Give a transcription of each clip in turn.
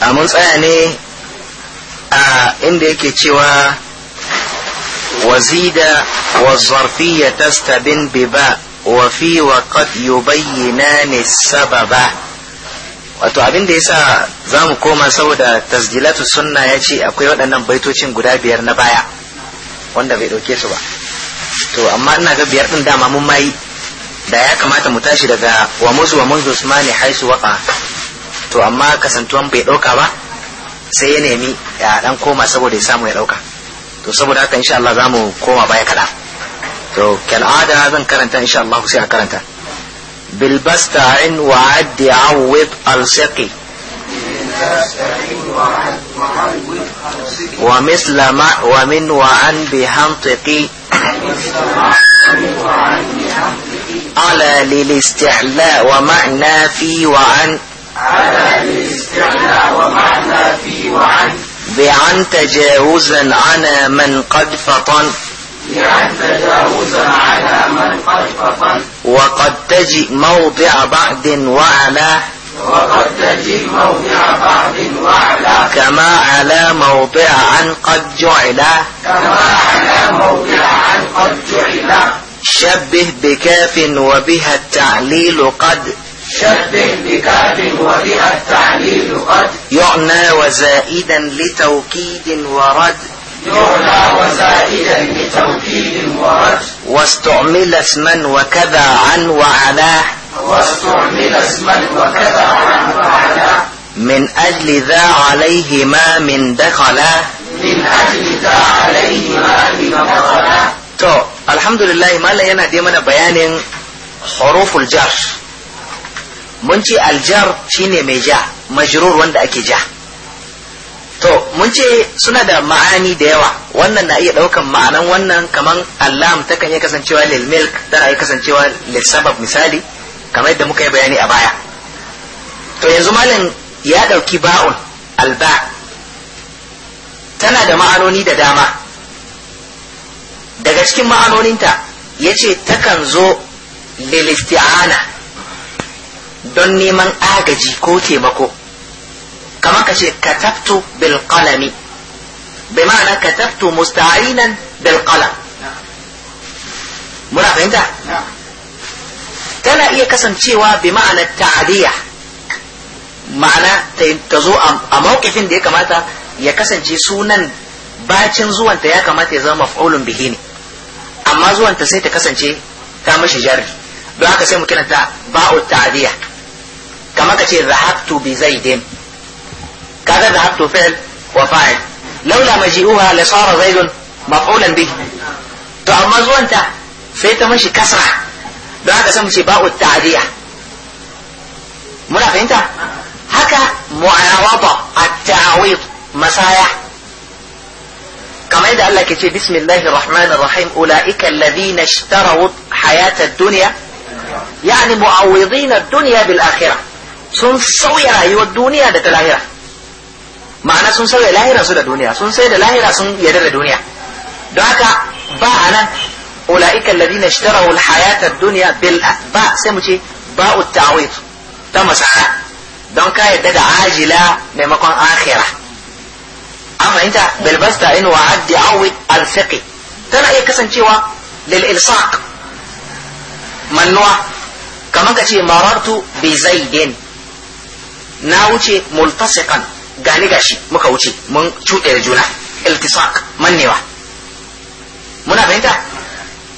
a mun tsaya ne a inda yake cewa wa wa والظرفية تستبن بباء وفي وقد ne sababa. wato abin da yasa za mu koma saboda tasjilatu sunna ya ce akwai waɗannan baitocin guda biyar na baya wanda bai ɗauke su ba to amma ina ga biyar ɗin dama mun mai da ya kamata mu tashi daga wa muzu wa munzu usmani haisu Waka. to amma kasantuwan bai ɗauka ba sai ya nemi ya dan koma saboda ya samu ya ɗauka to saboda haka insha Allah za mu koma baya kaɗan to kal'ada zan karanta insha Allah sai a karanta bilbasta'in wa'addi awwib al-saqi ومثل ما ومن وعن بهنطقي على للاستعلاء ومعنى في وعن على الاستعلاء ومعنى في وعن بعن تجاوزا على من قد فطن بعن تجاوزا على من قد فطن وقد تجئ موضع بعد وعلى وقد تجئ موضع بعد وعلى كما على موضع عن قد جعل كما على موضع عن قد جعل شبه بكاف وبها التعليل قد شبه بكاف وبها التعليل قد يعنى وزائدا لتوكيد ورد يعنى وزائدا لتوكيد ورد واستعمل اسما وكذا عن وعلاه واستعمل اسما وكذا عن وعلاه من أجل ذا عليه ما من دخلا من أجل ذا عليه ما من دخلا تو الحمد لله ما لا ينادي من بيان حروف الجر mun ce aljar shine mai ja majrur wanda ake ja to mun ce suna da ma'ani da yawa wannan na iya daukan ma'anan wannan kaman allam ta kan iya kasancewa lil milk ta iya kasancewa lil sabab misali kamar yadda muka yi bayani a baya to yanzu malam ya dauki ba'un alba tana da ma'anoni da dama daga cikin ma'anoninta ya ce takan zo lil isti'ana don neman agaji ko taimako kamar ka ce katabtu bil qalami bai ma'ana katabtu musta'inan bil qalam muna fahimta tana iya kasancewa bi ma'ana ta'adiyya ma'ana ta zo a mawkifin da ya kamata ya kasance sunan bacin zuwanta ya kamata ya zama maf'ulun bihi ne amma zuwanta sai ta kasance ta mashi jarri don haka sai mu ta ba'u ta'ziya kamar ka ce zahabtu bi zaidin kaga zahabtu fi'l wa fa'il laula maji'uha la sara zaidun maf'ulan bihi to amma zuwan ta sai ta mashi kasra don haka sai mu ce ba'u ta'ziya muna fahimta haka mu'arada at tawid masaya كما يدعى لك في بسم الله الرحمن الرحيم أولئك الذين اشتروا حياة الدنيا يعني معوضين الدنيا بالآخرة سن سوية أيوة الدنيا دت الآخرة معنى سن سوية الآخرة سن الدنيا سن سوية الآخرة سن يدر الدنيا دعك باعنا أولئك الذين اشتروا الحياة الدنيا بالأباء سمتي باء التعويض تم سعى دونك يدد عاجلة بمقام آخرة أما أنت بالبسطة إن وعد عوض الفقي ترى إيه كسن للإلصاق من نوع kamar ka ce marartu bi zaidin na wuce multasiqan gani gashi muka wuce mun cuɗe da juna iltisak mannewa muna fahimta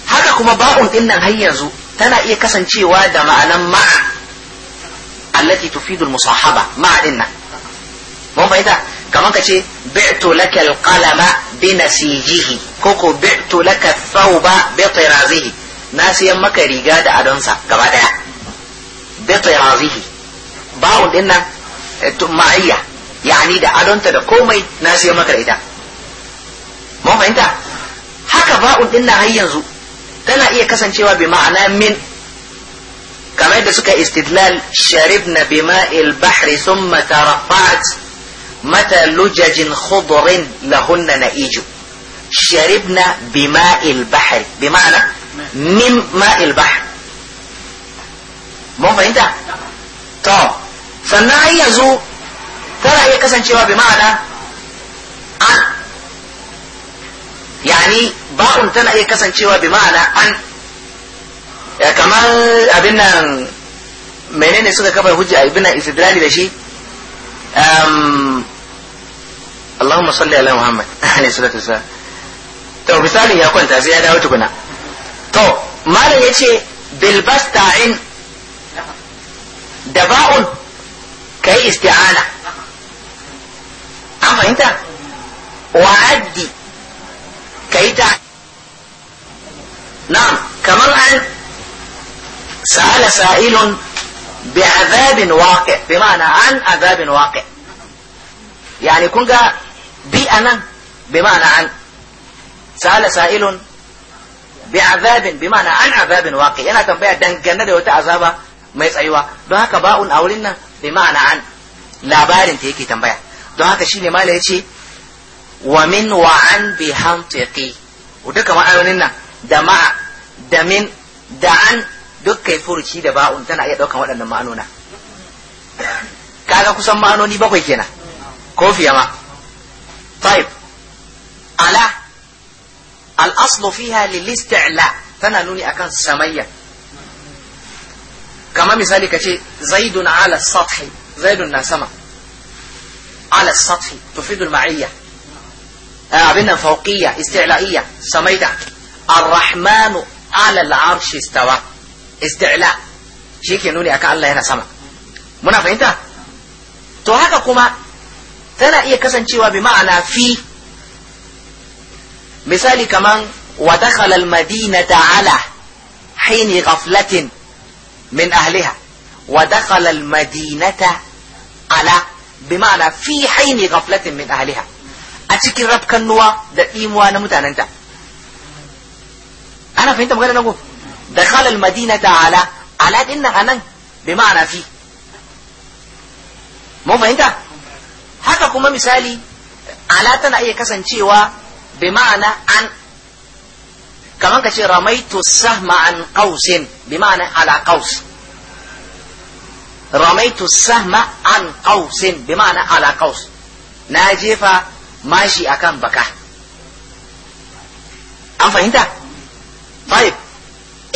haka kuma ba'un din nan har yanzu tana iya kasancewa da ma'anan ma'a allati tufidu musahaba ma'a din nan mun fahimta kamar ka ce bi'tu laka alqalama bi nasijihi ko ko bi'tu laka thawba bi tirazihi na siyan maka riga da adonsa gaba daya beta yazihi ba'un din nan eh, ma'ayya yani da adonta da komai na siyan maka da ita mun fahimta haka ba'un din nan har yanzu tana iya kasancewa bi ma'ana min kamar yadda suka istidlal sharibna bima'il bahri thumma tarafa'at متى لجج خضر لهن نئيج شربنا بماء Bi ma'ana. min ma'il bahr mun fahimta to sannan har yanzu tana iya kasancewa bi ma'ana an yani ba'un tana iya kasancewa bi ma'ana an kamar abin nan menene suka kafa hujja abin nan istidlali da shi Allahumma salli ala Muhammad alaihi salatu wasallam to misali ya kwanta sai ya dawo tukuna to malam yace bilbasta'in da ba'un kai isti'ana an fahimta wa'addi kai ta na'am kamar an sa'ala sa'ilun بعذاب واقع بمعنى عن عذاب واقع يعني كنت بي أنا بمعنى عن سأل سائل bi azabin bi ma'ana an azabin waqi yana tambaya dangane da wata azaba mai tsayuwa don haka ba'un a wurin nan bi ma'ana an labarin ta yake tambaya don haka shine mala yace wa min wa an bi hantiqi duka ma'anonin nan da ma da min da an dukkan furuci da ba'un tana iya daukan waɗannan ma'anona kaga kusan ma'anoni bakwai kenan ko fiye ma طيب ala al'aslu fiha lilistila tana nuni akan samayya kama misali ka ce zaidun ala sathi zaidun na sama ala sathi tufidu al-ma'iyya abin nan fawqiyya isti'la'iyya samaida ar-rahmanu ala al-arshi istawa isti'la shi ke nuni akan Allah yana sama muna fahimta to haka kuma tana iya kasancewa bi ma'ana fi misali kaman wa dakhala al-madinata ala hini ghaflatin min ahliha wa dakhala madinata ala bima'ana fi haini ghaflatin min ahliha a cikin rafkan da ɗimuwa na mutanenta ana fahimta magana na ko da khalal ala ala din anan bi fi haka kuma misali ala tana iya kasancewa bi ma'ana an kamar ka ce ramaitu sahma an qausin bi ma'ana ala qaus ramaitu sahma an qausin bi ma'ana ala qaus na jefa mashi akan baka an fahimta طيب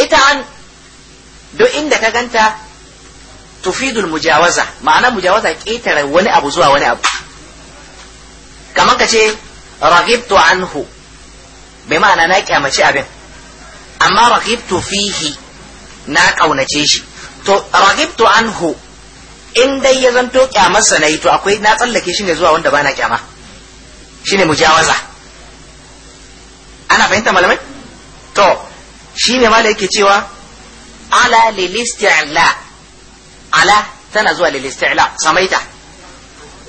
ita an duk inda ka ganta tufidul mujawaza ma'ana mujawaza ƙetare wani abu zuwa wani abu kamar ka ce raghibtu anhu bai ma'ana na kyamaci abin amma raghibtu fihi na kaunace shi to raghibtu anhu in dai ya zanto kyamarsa na yi to akwai na tsallake shi ne zuwa wanda bana kyama Shi shine mujawaza ana fahimta malamai to shi ne ma da yake cewa ala lil isti'la ala tana zuwa lil isti'la samaita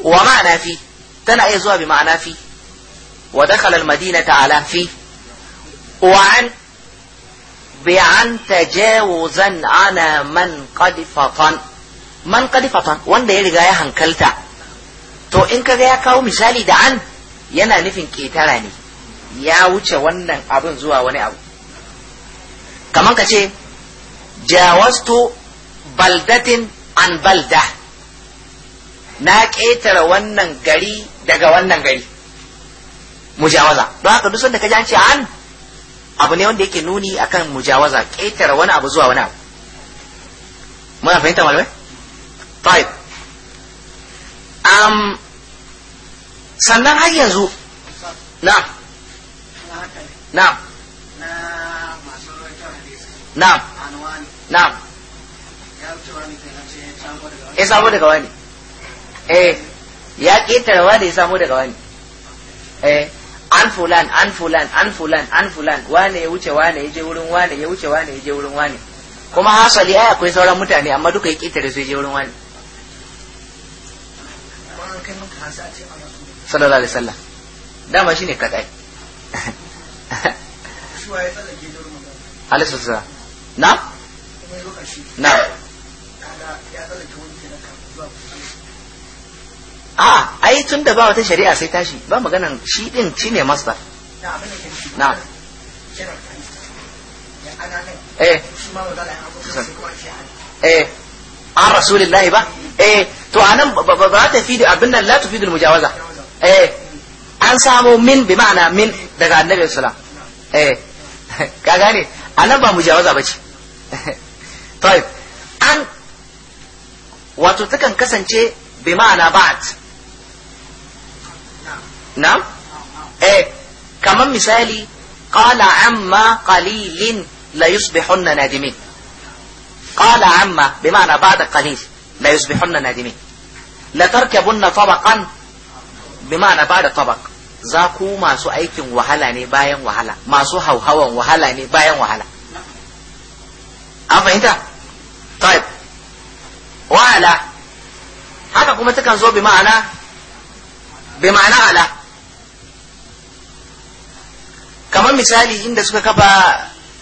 wa ma'ana fi tana iya zuwa bi ma'ana fi ودخل المدينة على في وعن بعن تجاوزا على من قد فطن man kadi fatan wanda ya riga ya hankalta to in kaga ya kawo misali da an yana nufin ketara ne ya wuce wannan abin zuwa wani abu kamar ka ce jawastu baldatin an balda na ƙetare wannan gari daga wannan gari mujawaza don haka duk sanda ka ji an ce an abu ne wanda yake nuni akan mujawaza ƙetare wani abu zuwa wani abu muna fahimta malamai طيب um, sannan har yanzu na na na na ya samu daga wani eh ya ƙetare wani ya samu daga wani eh an fulan an fulan an fulan an fulan wane ya wuce wane ya je wurin wane ya wuce wane ya je wurin wane kuma hasali ai akwai sauran mutane amma duka ya kitare su ya je wurin wane sallallahu alaihi wasallam dama shine kadai alaihi wasallam na na a ai tun da ba wata shari'a sai tashi ba maganan shi din shi ne masta na eh eh an rasulillahi ba eh to anan ba ta fi da abin nan la tufi da mujawaza eh an samo min bi ma'ana min daga annabi sallallahu eh ka gane anan ba mujawaza bace to an wato takan kasance bi ma'ana ba'at نعم ايه كمان مثالي قال عما قليل لا يصبحن نادمين قال عما بمعنى بعد قليل لا يصبحن نادمين لا تركبن طبقا بمعنى بعد طبق زاكو ما سو ايكن وهلا ني باين وهلا ما سو هاو هاو وهلا ني باين وهلا افا انت طيب وعلى هذا كما تكن زو بمعنى بمعنى على kamar misali inda suka kafa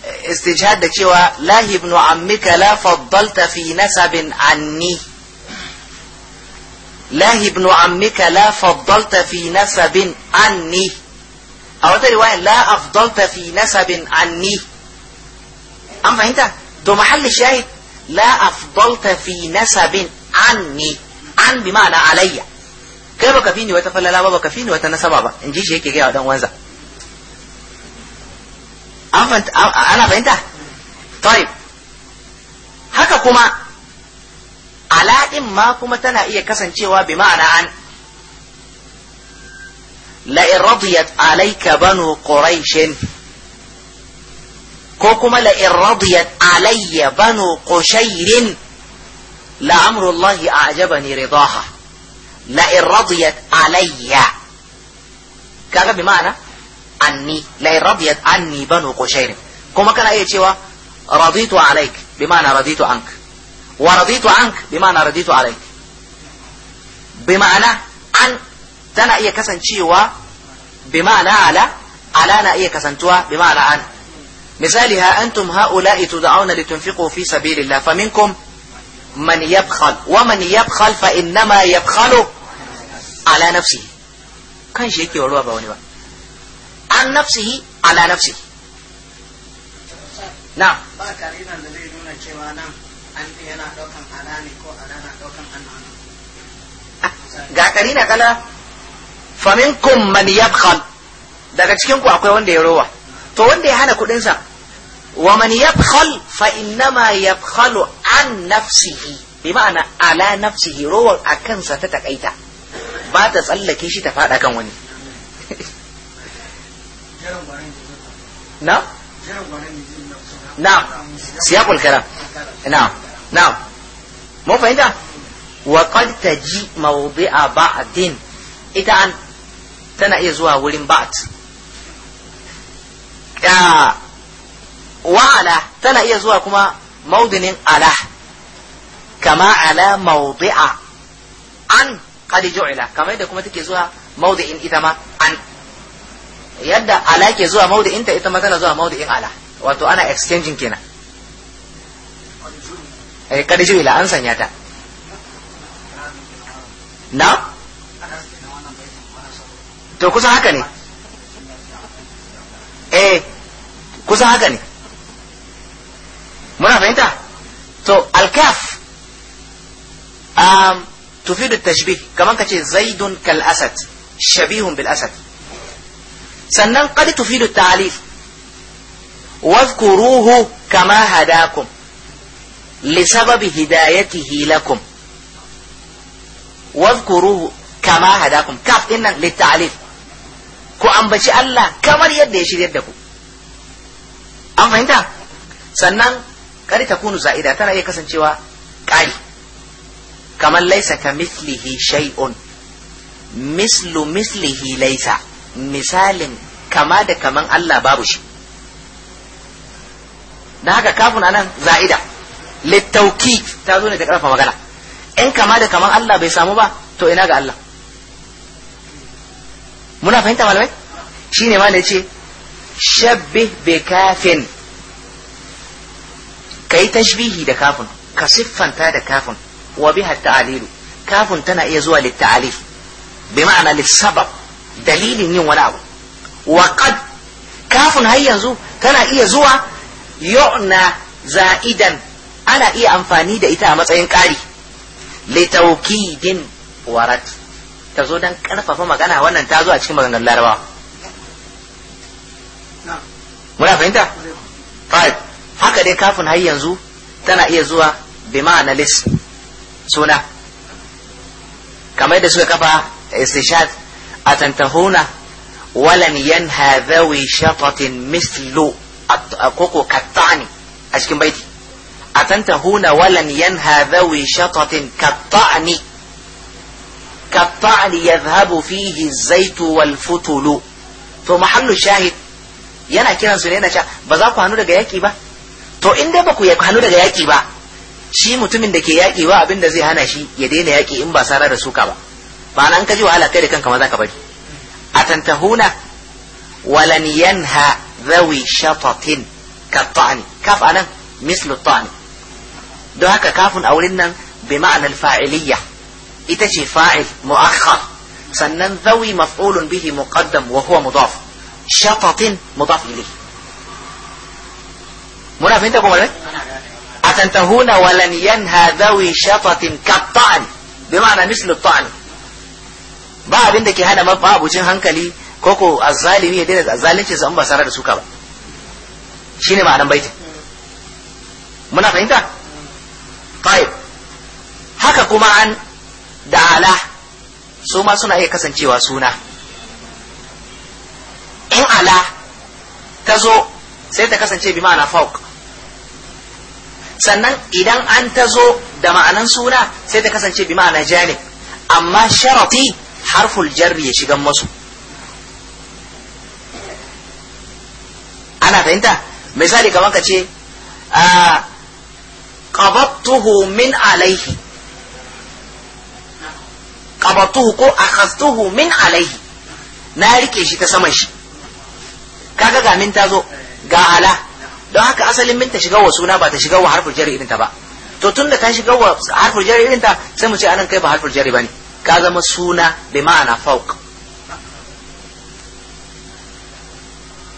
eh, istijhad da cewa lahi ibn ammika la faddalta fi nasabin anni lahi ibn ammika la faddalta fi nasabin anni a wata riwaya la afdalta fi nasabin anni an fahimta to mahalli shahid la afdalta fi nasabin anni an bi ma'ana alayya kai baka fi ni wata falala ba baka fi ni wata nasaba ba in ji shi yake gaya wa dan wanza ana fahimta haka kuma ala'in ma kuma tana iya kasancewa bi ma'ana an la'in radiyat alaika banu quraishin ko kuma la'in radiyat alayya banu qushayrin la'amrullahi a'jabani ridaha la'in radiyat alayya kaga bi ma'ana anni la radiyat anni banu qushair kuma kana iya cewa raditu alaik bima'ana raditu ank wa raditu ank bima'ana raditu alaik bima'ana an tana iya kasancewa bima'ana ala ala na iya kasantuwa bima'ana an مثالها أنتم هؤلاء تدعون لتنفقوا في سبيل الله فمنكم من يبخل ومن يبخل فإنما يبخل على نفسه كان شيء يقولوا أبا ونبا an nafsihi ala nafsihi na ba karinan da zai nuna cewa nan an yana daukan ala ne ko ala na daukan annan ga karina kala kun man yabkhal daga cikin ku akwai wanda ya rowa to wanda ya hana kudin wa man yabkhal fa innama yabkhalu an nafsihi bi ma'ana ala nafsihi rowan a kansa ta takaita ba ta tsallake shi ta fada kan wani na na siyaqul kalam na na mun fahimta wa qad taji mawdi'a ba'din ita an tana iya zuwa wurin ba'd wa'ala tana iya zuwa kuma maudinin ala kama ala mawdi'a an qad ju'ila kamar da kuma take zuwa mawdi'in ita ma an yadda ala ke zuwa maudu'inta ita ma tana zuwa maudu'in ala wato ana exchanging kenan eh kada ila an sanya ta na to kusa haka ne eh kusa haka ne muna fahimta to alkaf um tufidu tashbih kaman kace zaidun kal asad shabihun bil asad sannan qad tufidu ta'lif واذكروه كما هداكم لسبب هدايته لكم kama كما هداكم كاف إن للتعليف ku ambaci Allah kamar yadda ya shiryar da ku an fahimta sannan kari ta kunu za'ida tana iya kasancewa ƙari kamar laisa ka mislihi shay'un mislu mislihi laisa misalin kama da kaman Allah babu shi da haka kafin anan za'ida littauki ta zo ne da karfa magana in kama da kaman Allah bai samu ba to ina ga Allah muna fahimta malamai shine ma ne ce shabbih bi kafin kai tashbihi da kafin ka siffanta da kafin wa hatta alilu kafin tana iya zuwa litta'alif bi ma'ana lissabab dalilin yin wani abu waƙad kafin har yanzu tana iya zuwa yu'na za'idan ana iya amfani da ita a matsayin ƙari litaukidin warat ta zo don ƙarfafa magana wannan ta zo a cikin maganar larabawa muna fahimta? haka dai kafin har yanzu tana iya zuwa bi ma'ana lis suna kamar da suka kafa istishad أتنتهون ولن ينهى ذوي شطط مثل أكوكو كالطعن أشكم بيتي أتنتهون ولن ينهى ذوي شطط كالطعن كالطعن يذهب فيه الزيت والفتل فمحل الشاهد yana kiran su ne yana cewa ba za ku hannu daga yaƙi ba to in dai ba ku hannu daga yaƙi ba shi mutumin da ke yaƙi ba abin da zai hana shi ya daina yaƙi in ba sara da suka ba ma'ana an ka ji wahala kai da kanka ma ولن ينهى bari atantahuna walan yanha ذوي شطط كالطعن كاف أنا مثل الطعن دو هكا كاف أولنا بمعنى الفاعلية إتشي فاعل مؤخر سنن ذوي مفعول به مقدم وهو مضاف شطط مضاف إليه منا فهمتكم ولا أتنتهون ولن ينهى ذوي شطط كالطعن بمعنى مثل الطعن ba abin da ke hana mabucin hankali ko ko azzalimi ya daina zalunci su in ba sarar da suka ba shine ma'anan baitin muna fahimta tayib haka kuma an da ala su ma suna iya kasancewa suna in ala ta zo sai ta kasance bi ma'ana fauk sannan idan an ta zo da ma'anan suna sai ta kasance bi ma'ana janib amma sharati harful jarri ya shigan masu ana fahimta misali kamar ka ce ah, qabattuhu min alaihi qabattuhu ko akhastuhu min alaihi na rike shi ta saman shi kaga ga min ta zo ga ala don haka asalin min ta shiga wa suna ba ta shiga wa harful jarri irin ta ba to tunda ta shiga wa harful jarri irin ta sai mu ce anan kai ba harful jarri bane ka zama suna bi ma'ana fauk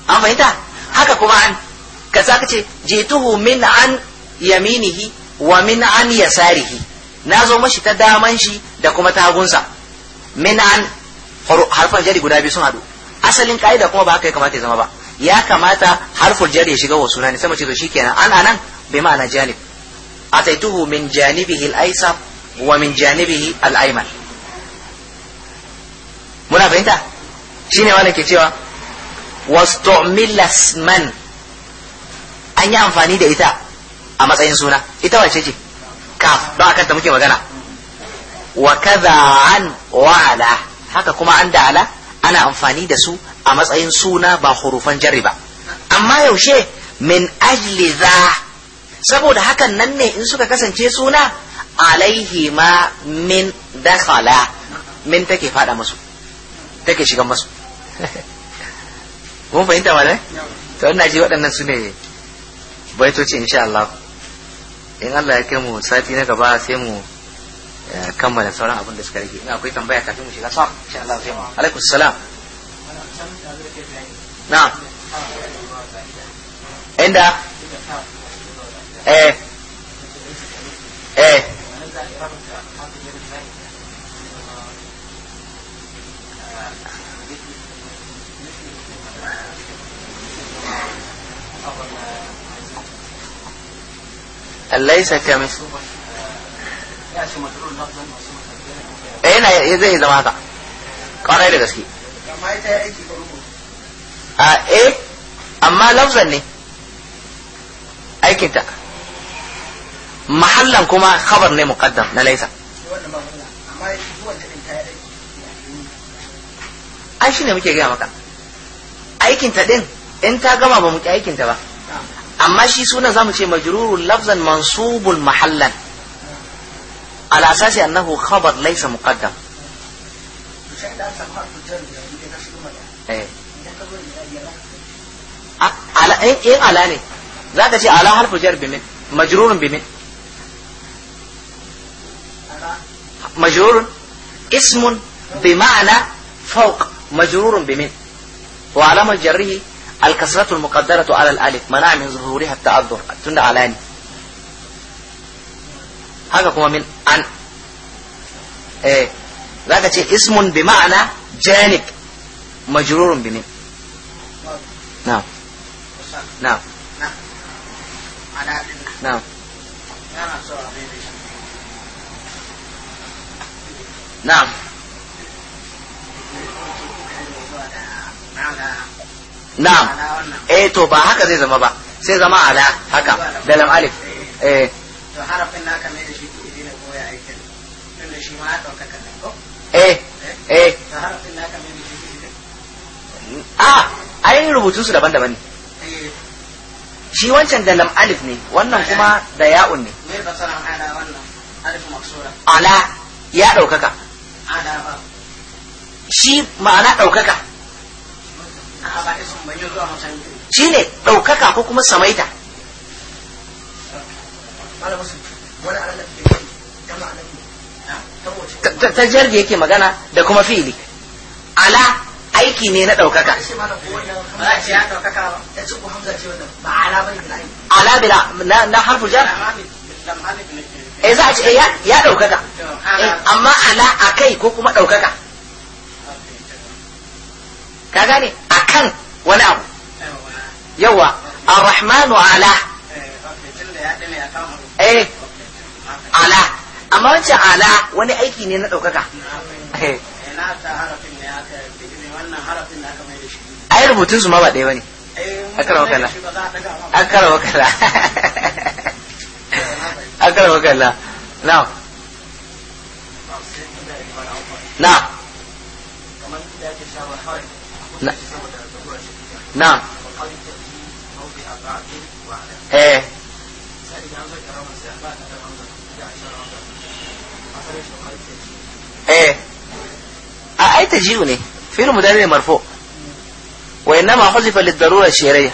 an fahimta haka kuma an ka saka ce jituhu min an yaminihi wa min an yasarihi na zo mashi ta daman shi da kuma ta min an harfan jari guda biyu sun hadu asalin ka'ida kuma ba haka ya kamata ya zama ba ya kamata harful jari ya shiga wa suna ne sama ce to shikenan an anan bi ma'ana janib ataituhu min janibihi al wa min janibihi al ana fahimta shine wanda ke cewa wastu'milas man an yi amfani da ita a matsayin suna ita wace ce kaf don muke magana wa kaza an haka kuma an da ala ana amfani da su a matsayin suna ba hurufan jarri ba amma yaushe min ajli za saboda hakan nan ne in suka kasance suna alaihi ma min dakhala min take fada musu take shiga masu mun fahimta ba ne to ina ji waɗannan su ne baitoci insha Allah in Allah ya kai mu sati na gaba sai mu eh, kammala sauran abin da suka rage ina akwai tambaya kafin mu shiga sa insha Allah sai mu alaikum salam na'am inda eh eh Laisa ka ليس كمثله eh, yana zai zama haka kwarai da gaske a ah, eh amma lafzan ne aikinta mahallan kuma khabar ne muqaddam na laisa ai ne muke gaya maka aikinta din in ta gama ba muke aikinta ba amma shi sunan zamu ce majrurun lafzan mansubun mahallan ala asasi annahu khabar laysa muqaddam eh. ala in eh, eh, ala ne zaka ce ala harfu jar bimin majrurun bimin مجرور اسم بمعنى فوق مجرور Wa alama جره الكسرة المقدرة على الألف منع من ظهورها التأذر التند علاني هذا هو من عن هذا إيه. شيء اسم بمعنى جانب مجرور بمن نعم نعم نعم نعم نعم نعم نعم na'am eh to ba haka zai zama ba sai zama ala haka da lam alif eh to harafin naka mai da shi ke dina ko aikin tunda shi ma ya dauka kan ko eh. eh eh to harafin naka mai da shi ke dina a ai rubutun su daban-daban ne eh. shi wancan da lam alif ne wannan kuma da ya'un ne me fasaran ala wannan alif maksura ala ya daukaka ala ba shi ma'ana daukaka shi ne ɗaukaka ko kuma samaita ta jar da yake magana da kuma fili ala aiki ne na ɗaukaka ala bila na harfu jar E za a ce ya ɗaukaka amma ala a kai ko kuma ɗaukaka ka gane a kan wani abu yawa arrahmanu ala eh ala amma wancan ala wani aiki ne na ɗaukaka eh. a yi rubutun su ma ba ɗaya ba ne akara wakala akara wakala akara wakala na na نعم ايه ايه اي تجيء في المدرب مرفوع وانما حذف للضروره الشعريه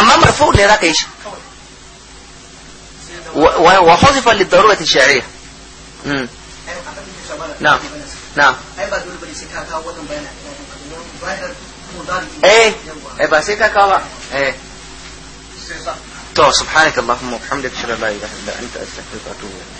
اما مرفوع لراك ايش وحذف للضروره الشعريه Hmm. na na eh, eh, sai ka kawo ba eh. to subhanakallahumma wa bihamdika ashhadu an la ilaha illa anta